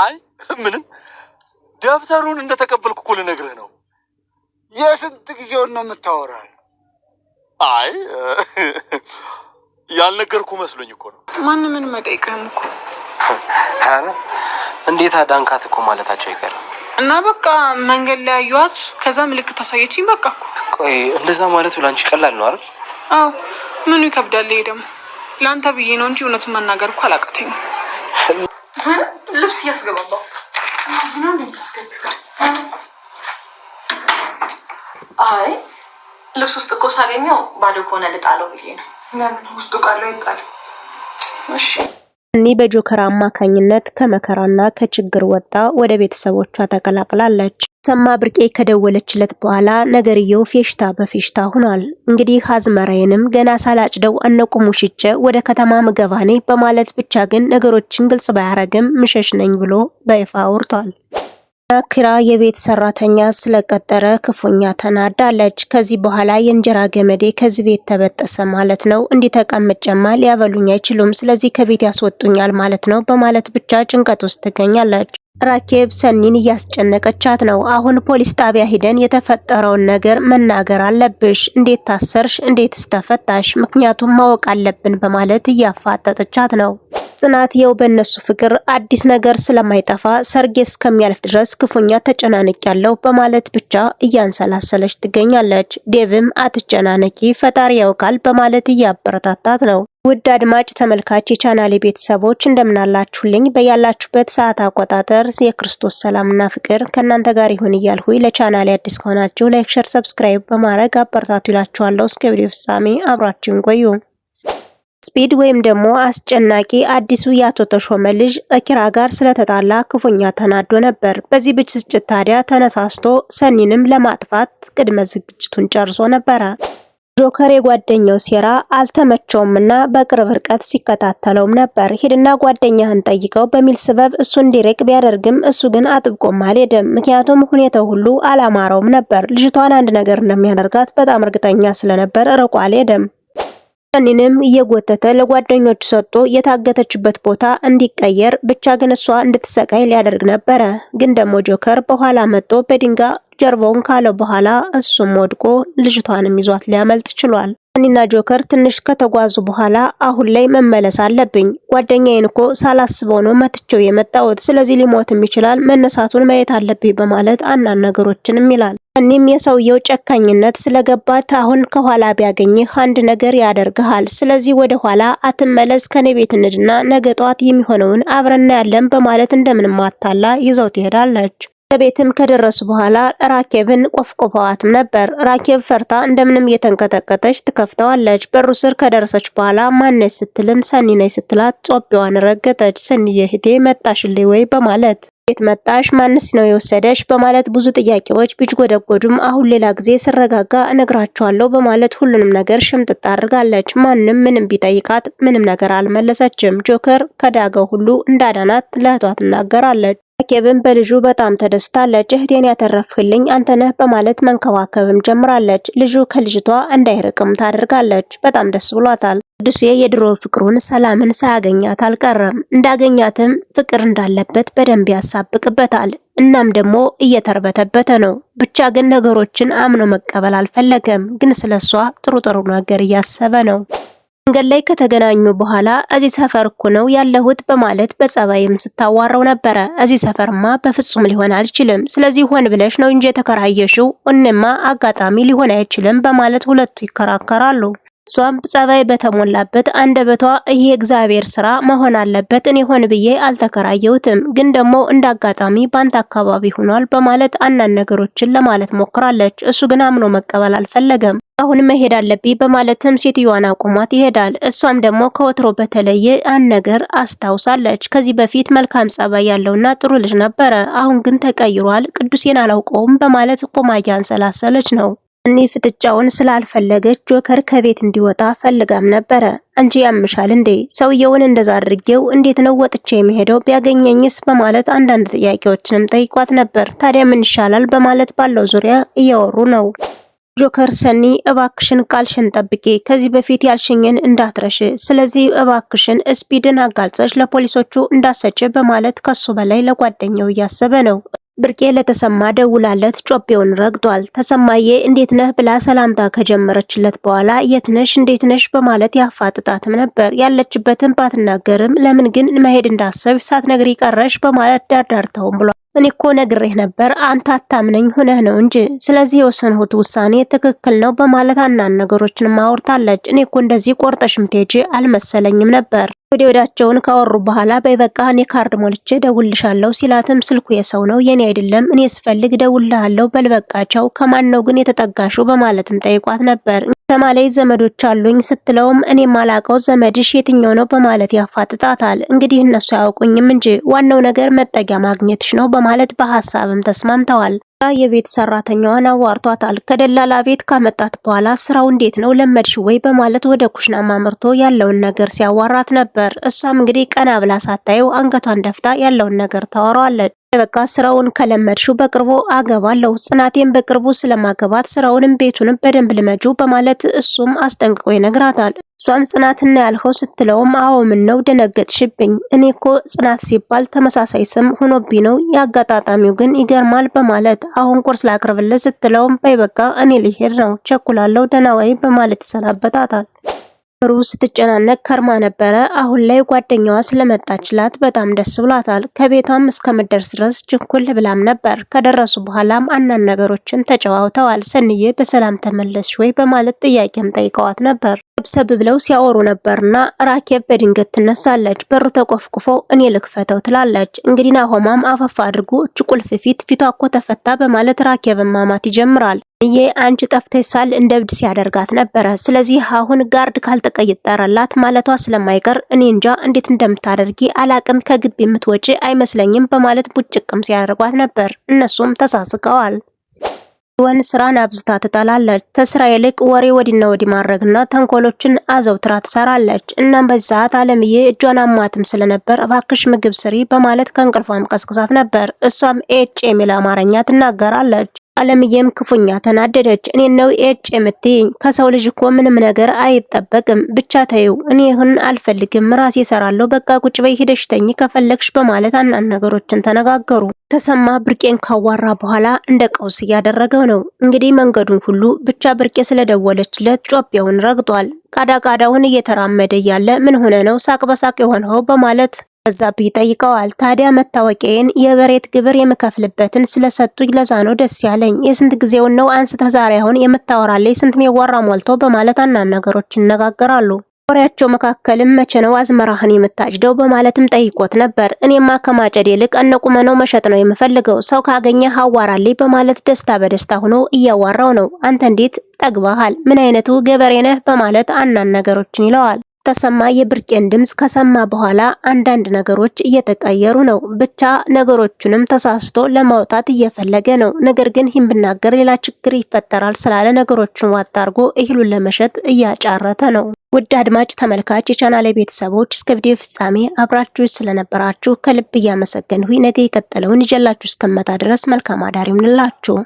አይ ምንም ደብተሩን እንደተቀበልኩ እኮ ልነግርህ ነው። የስንት ጊዜውን ነው የምታወራ? አይ ያልነገርኩ መስሎኝ እኮ ነው። ማን ምን መጠይቅህም እኮ። እንዴት አዳንካት እኮ ማለታቸው አይቀርም። እና በቃ መንገድ ላይ ያዩዋት፣ ከዛ ምልክት አሳየችኝ። በቃ እኮ ቆይ፣ እንደዛ ማለት ብላንቺ ቀላል ነው አይደል? አዎ ምኑ ይከብዳል። ይሄ ደግሞ ለአንተ ብዬ ነው እንጂ እውነቱን መናገር እኮ አላቃተኝም። ልብስ እያስገባባው እዚህ አይ ልብስ ውስጥ እኮ ሳገኘው ባዶ ከሆነ ልጣለው ብዬ ነው። ለምን ውስጡ ቃለው ይጣል? እሺ ሰኒ በጆከር አማካኝነት ከመከራና ከችግር ወጣ ወደ ቤተሰቦቿ ተቀላቅላለች። ሰማ ብርቄ ከደወለችለት በኋላ ነገርየው ፌሽታ በፌሽታ ሆኗል። እንግዲህ አዝመራዬንም ገና ሳላጭደው እነቁሙ ሽጨ ወደ ከተማ መገባኔ በማለት ብቻ ግን ነገሮችን ግልጽ ባያረግም ምሸሽ ነኝ ብሎ በይፋ አውርቷል። ኪራ የቤት ሰራተኛ ስለቀጠረ ክፉኛ ተናዳለች። ከዚህ በኋላ የእንጀራ ገመዴ ከዚህ ቤት ተበጠሰ ማለት ነው፣ እንዲህ ተቀምጬማ ሊያበሉኝ አይችሉም፣ ስለዚህ ከቤት ያስወጡኛል ማለት ነው በማለት ብቻ ጭንቀት ውስጥ ትገኛለች። ራኬብ ሰኒን እያስጨነቀቻት ነው። አሁን ፖሊስ ጣቢያ ሂደን የተፈጠረውን ነገር መናገር አለብሽ፣ እንዴት ታሰርሽ፣ እንዴት ስተፈታሽ፣ ምክንያቱም ማወቅ አለብን በማለት እያፋጠጠቻት ነው። ጽናት የው በእነሱ ፍቅር አዲስ ነገር ስለማይጠፋ ሰርጌ እስከሚያልፍ ድረስ ክፉኛ ተጨናነቅ ያለው በማለት ብቻ እያንሰላሰለች ትገኛለች። ዴቭም አትጨናነቂ ፈጣሪ ያውቃል በማለት እያበረታታት ነው። ውድ አድማጭ ተመልካች የቻናሌ ቤተሰቦች እንደምናላችሁልኝ በያላችሁበት ሰዓት አቆጣጠር የክርስቶስ ሰላምና ፍቅር ከእናንተ ጋር ይሁን እያልሁ ለቻናሌ አዲስ ከሆናችሁ ላይክ፣ ሸር፣ ሰብስክራይብ በማድረግ አበረታቱ ይላችኋለሁ። እስከ ቪዲዮ ፍጻሜ አብራችሁን ቆዩ። ስፒድ ወይም ደግሞ አስጨናቂ አዲሱ የአቶ ተሾመ ልጅ እኪራ ጋር ስለተጣላ ክፉኛ ተናዶ ነበር። በዚህ ብስጭት ታዲያ ተነሳስቶ ሰኒንም ለማጥፋት ቅድመ ዝግጅቱን ጨርሶ ነበረ። ጆከር የጓደኛው ሴራ አልተመቸውምና በቅርብ ርቀት ሲከታተለውም ነበር። ሂድና ጓደኛህን ጠይቀው በሚል ስበብ እሱ እንዲርቅ ቢያደርግም እሱ ግን አጥብቆም አልሄደም። ምክንያቱም ሁኔታው ሁሉ አላማረውም ነበር። ልጅቷን አንድ ነገር እንደሚያደርጋት በጣም እርግጠኛ ስለነበር ርቆ አልሄደም። ሰኒንም እየጎተተ ለጓደኞቹ ሰጥቶ የታገተችበት ቦታ እንዲቀየር ብቻ ግን እሷ እንድትሰቃይ ሊያደርግ ነበረ። ግን ደግሞ ጆከር በኋላ መጥቶ በድንጋይ ጀርባውን ካለ በኋላ እሱም ወድቆ ልጅቷንም ይዟት ሊያመልጥ ችሏል። ሰኒና ጆከር ትንሽ ከተጓዙ በኋላ አሁን ላይ መመለስ አለብኝ፣ ጓደኛዬን እኮ ሳላስበው ነው መትቼው የመጣሁት፣ ስለዚህ ሊሞትም ይችላል፣ መነሳቱን ማየት አለብኝ በማለት አንዳንድ ነገሮችንም ይላል። ያኔም የሰውየው ጨካኝነት ስለገባት አሁን ከኋላ ቢያገኝህ አንድ ነገር ያደርግሃል። ስለዚህ ወደ ኋላ አትመለስ፣ ከኔ ቤት እንድና ነገ የሚሆነውን አብረና ያለን በማለት እንደምንም አታላ ይዘው ትሄዳለች። ቤትም ከደረሱ በኋላ ራኬብን ቆፍቆፈዋትም ነበር። ራኬብ ፈርታ እንደምንም እየተንቀጠቀጠች ትከፍተዋለች። በሩ ስር ከደረሰች በኋላ ማነች ስትልም ሰኒ ነች ስትላት ጮቤዋን ረገጠች። ሰኒዬ እህቴ መጣሽልኝ ወይ በማለት ቤት መጣሽ? ማንስ ነው የወሰደሽ? በማለት ብዙ ጥያቄዎች ቢጅጎደጎዱም አሁን ሌላ ጊዜ ስረጋጋ እነግራቸዋለሁ በማለት ሁሉንም ነገር ሽምጥጥ አድርጋለች። ማንም ምንም ቢጠይቃት ምንም ነገር አልመለሰችም። ጆከር ከዳገው ሁሉ እንዳዳናት ለእህቷ ትናገራለች። እርግብም በልጁ በጣም ተደስታለች። እህቴን ያተረፍህልኝ አንተነህ በማለት መንከባከብም ጀምራለች። ልጁ ከልጅቷ እንዳይርቅም ታደርጋለች። በጣም ደስ ብሏታል። ቅዱሴ የድሮ ፍቅሩን ሰላምን ሳያገኛት አልቀረም። እንዳገኛትም ፍቅር እንዳለበት በደንብ ያሳብቅበታል። እናም ደግሞ እየተርበተበተ ነው። ብቻ ግን ነገሮችን አምኖ መቀበል አልፈለገም። ግን ስለሷ ጥሩ ጥሩ ነገር እያሰበ ነው። መንገድ ላይ ከተገናኙ በኋላ እዚህ ሰፈር እኮ ነው ያለሁት በማለት በጸባይም ስታዋራው ነበረ። እዚህ ሰፈርማ በፍጹም ሊሆን አልችልም፣ ስለዚህ ሆን ብለሽ ነው እንጂ የተከራየሽው፣ እንማ አጋጣሚ ሊሆን አይችልም በማለት ሁለቱ ይከራከራሉ። እሷም ጸባይ በተሞላበት አንደበቷ ይህ እግዚአብሔር ስራ መሆን አለበት፣ እኔ ሆን ብዬ አልተከራየሁትም፣ ግን ደግሞ እንደ አጋጣሚ ባንተ አካባቢ ሆኗል በማለት አንዳንድ ነገሮችን ለማለት ሞክራለች። እሱ ግን አምኖ መቀበል አልፈለገም። አሁን መሄድ አለብኝ በማለትም ሴትዮዋን አቁሟት ይሄዳል። እሷም ደግሞ ከወትሮ በተለየ አንድ ነገር አስታውሳለች። ከዚህ በፊት መልካም ጸባይ ያለውና ጥሩ ልጅ ነበረ፣ አሁን ግን ተቀይሯል። ቅዱሴን አላውቀውም በማለት ቆማ እያንሰላሰለች ነው። እኔ ፍጥጫውን ስላልፈለገች ጆከር ከቤት እንዲወጣ ፈልጋም ነበረ። አንቺ ያምሻል እንዴ? ሰውየውን እንደዛ አድርጌው እንዴት ነው ወጥቼ የሚሄደው? ቢያገኘኝስ? በማለት አንዳንድ ጥያቄዎችንም ጠይቋት ነበር። ታዲያ ምን ይሻላል በማለት ባለው ዙሪያ እያወሩ ነው። ጆከር ሰኒ እባክሽን ቃልሽን ጠብቂ፣ ከዚህ በፊት ያልሽኝን እንዳትረሽ። ስለዚህ እባክሽን ስፒድን አጋልጸሽ ለፖሊሶቹ እንዳሰጭ በማለት ከሱ በላይ ለጓደኛው እያሰበ ነው። ብርቄ ለተሰማ ደውላለት ጮቤውን ረግጧል። ተሰማዬ እንዴት ነህ ብላ ሰላምታ ከጀመረችለት በኋላ የት ነሽ እንዴት ነሽ በማለት ያፋጥጣትም ነበር። ያለችበትን ባትናገርም ለምን ግን መሄድ እንዳሰብ ሳትነግሪ ቀረሽ በማለት ዳርዳርተውም ብሏል። እኔ እኮ ነግሬህ ነበር፣ አንተ አታምነኝ ሁነህ ነው እንጂ ስለዚህ የወሰንሁት ውሳኔ ትክክል ነው በማለት አናን ነገሮችን ማወርታለች። እኔ እኮ እንደዚህ ቆርጠሽ ምትሄጂ አልመሰለኝም ነበር። ወደ ወዳቸውን ካወሩ በኋላ በይበቃ እኔ ካርድ ሞልቼ ደውልሻለሁ ሲላትም ስልኩ የሰው ነው የኔ አይደለም፣ እኔ ስፈልግ ደውልሃለሁ፣ በልበቃቸው ከማን ነው ግን የተጠጋሹ በማለትም ጠይቋት ነበር። ከማላይ ዘመዶች አሉኝ ስትለውም እኔ ማላቀው ዘመድሽ የትኛው ነው በማለት ያፋጥጣታል። እንግዲህ እነሱ አያውቁኝም እንጂ ዋናው ነገር መጠጊያ ማግኘትሽ ነው በማለት በሀሳብም ተስማምተዋል። የቤት ሰራተኛዋን አዋርቷታል። ከደላላ ቤት ካመጣት በኋላ ስራው እንዴት ነው ለመድሽ ወይ በማለት ወደ ኩሽና ማምርቶ ያለውን ነገር ሲያዋራት ነበር። እሷም እንግዲህ ቀና ብላ ሳታየው አንገቷን ደፍታ ያለውን ነገር ታወራዋለች። በቃ ስራውን ከለመድሽው በቅርቡ አገባለሁ፣ ጽናቴን በቅርቡ ስለማገባት ስራውንም ቤቱንም በደንብ ልመጁ በማለት እሱም አስጠንቅቆ ይነግራታል። እሷም ጽናትና ያልኸው ስትለውም አዎ ምን ነው ደነገጥሽብኝ? እኔ እኮ ጽናት ሲባል ተመሳሳይ ስም ሆኖብኝ ነው የአጋጣጣሚው ግን ይገርማል በማለት አሁን ቁርስ ላቅርብልህ ስትለውም በይ በቃ እኔ ልሄድ ነው ቸኩላለሁ፣ ደህና ወይ በማለት ይሰናበታታል። ሩ ስትጨናነቅ ከርማ ነበረ። አሁን ላይ ጓደኛዋ ስለመጣችላት በጣም ደስ ብሏታል። ከቤቷም እስከምደርስ ድረስ ችኩል ብላም ነበር። ከደረሱ በኋላም አንዳንድ ነገሮችን ተጨዋውተዋል። ሰንዬ በሰላም ተመለስሽ ወይ በማለት ጥያቄም ጠይቀዋት ነበር። ሰብሰብ ብለው ሲያወሩ ነበርና ራኬብ በድንገት ትነሳለች። በሩ ተቆፍቁፎ እኔ ልክፈተው ትላለች። እንግዲህ ናሆማም አፈፋ አድርጎ እች ቁልፍ ፊት ፊቷ እኮ ተፈታ በማለት ራኬብን ማማት ይጀምራል። ዬ አንቺ ጠፍተሽ ሳል እንደ እብድ ሲያደርጋት ነበረ። ስለዚህ አሁን ጋርድ ካልተቀየጠረላት ማለቷ ስለማይቀር እኔ እንጃ እንዴት እንደምታደርጊ አላቅም፣ ከግቢ የምትወጪ አይመስለኝም በማለት ቡጭቅም ሲያደርጓት ነበር። እነሱም ተሳስቀዋል። ወን ስራን አብዝታ ትጠላለች። ከስራ ይልቅ ወሬ ወዲና ወዲ ማድረግና ተንኮሎችን አዘውትራ ትሰራለች። እናም በዚህ ሰዓት አለምዬ እጇን አማትም ስለነበር እባክሽ ምግብ ስሪ በማለት ከእንቅልፏም ቀስቅሳት ነበር። እሷም ኤጭ የሚል አማርኛ ትናገራለች። አለምዬም ክፉኛ ተናደደች። እኔ ነው ኤጭ የምትይኝ? ከሰው ልጅ እኮ ምንም ነገር አይጠበቅም። ብቻ ተይው፣ እኔህን አልፈልግም፣ ራሴ እሰራለሁ። በቃ ቁጭ በይ፣ ሂደሽ ተኝ ከፈለግሽ በማለት አንዳንድ ነገሮችን ተነጋገሩ። ተሰማ ብርቄን ካዋራ በኋላ እንደ ቀውስ እያደረገው ነው። እንግዲህ መንገዱን ሁሉ ብቻ ብርቄ ስለደወለችለት ጮቤውን ረግጧል። ቃዳ ቃዳውን እየተራመደ እያለ ምን ሆነ ነው ሳቅ በሳቅ የሆነው በማለት በዛብህ ይጠይቀዋል። ታዲያ መታወቂያዬን የበሬት ግብር የምከፍልበትን ስለሰጡኝ ለዛ ነው ደስ ያለኝ። የስንት ጊዜውን ነው አንስተ ዛሬ አሁን የምታወራለኝ? ስንት የሚወራ ሞልቶ በማለት አናን ነገሮች ይነጋገራሉ። ወሬያቸው መካከልም መቼ ነው አዝመራህን የምታጭደው በማለትም ጠይቆት ነበር። እኔማ ከማጨድ ይልቅ እነቁመነው መሸጥ ነው የምፈልገው፣ ሰው ካገኘ አዋራልኝ በማለት ደስታ በደስታ ሆኖ እያዋራው ነው። አንተ እንዴት ጠግባሃል? ምን አይነቱ ገበሬ ነህ? በማለት አናን ነገሮችን ይለዋል። ተሰማ የብርቄን ድምፅ ከሰማ በኋላ አንዳንድ ነገሮች እየተቀየሩ ነው። ብቻ ነገሮቹንም ተሳስቶ ለማውጣት እየፈለገ ነው። ነገር ግን ይህን ብናገር ሌላ ችግር ይፈጠራል ስላለ ነገሮቹን ዋጥ አድርጎ እህሉን ለመሸጥ እያጫረተ ነው። ውድ አድማጭ ተመልካች፣ የቻናል ቤተሰቦች እስከ ቪዲዮ ፍጻሜ አብራችሁ ስለነበራችሁ ከልብ እያመሰገንሁ ነገ የቀጠለውን ይዤላችሁ እስከመጣ ድረስ መልካም አዳር ይሁንላችሁ።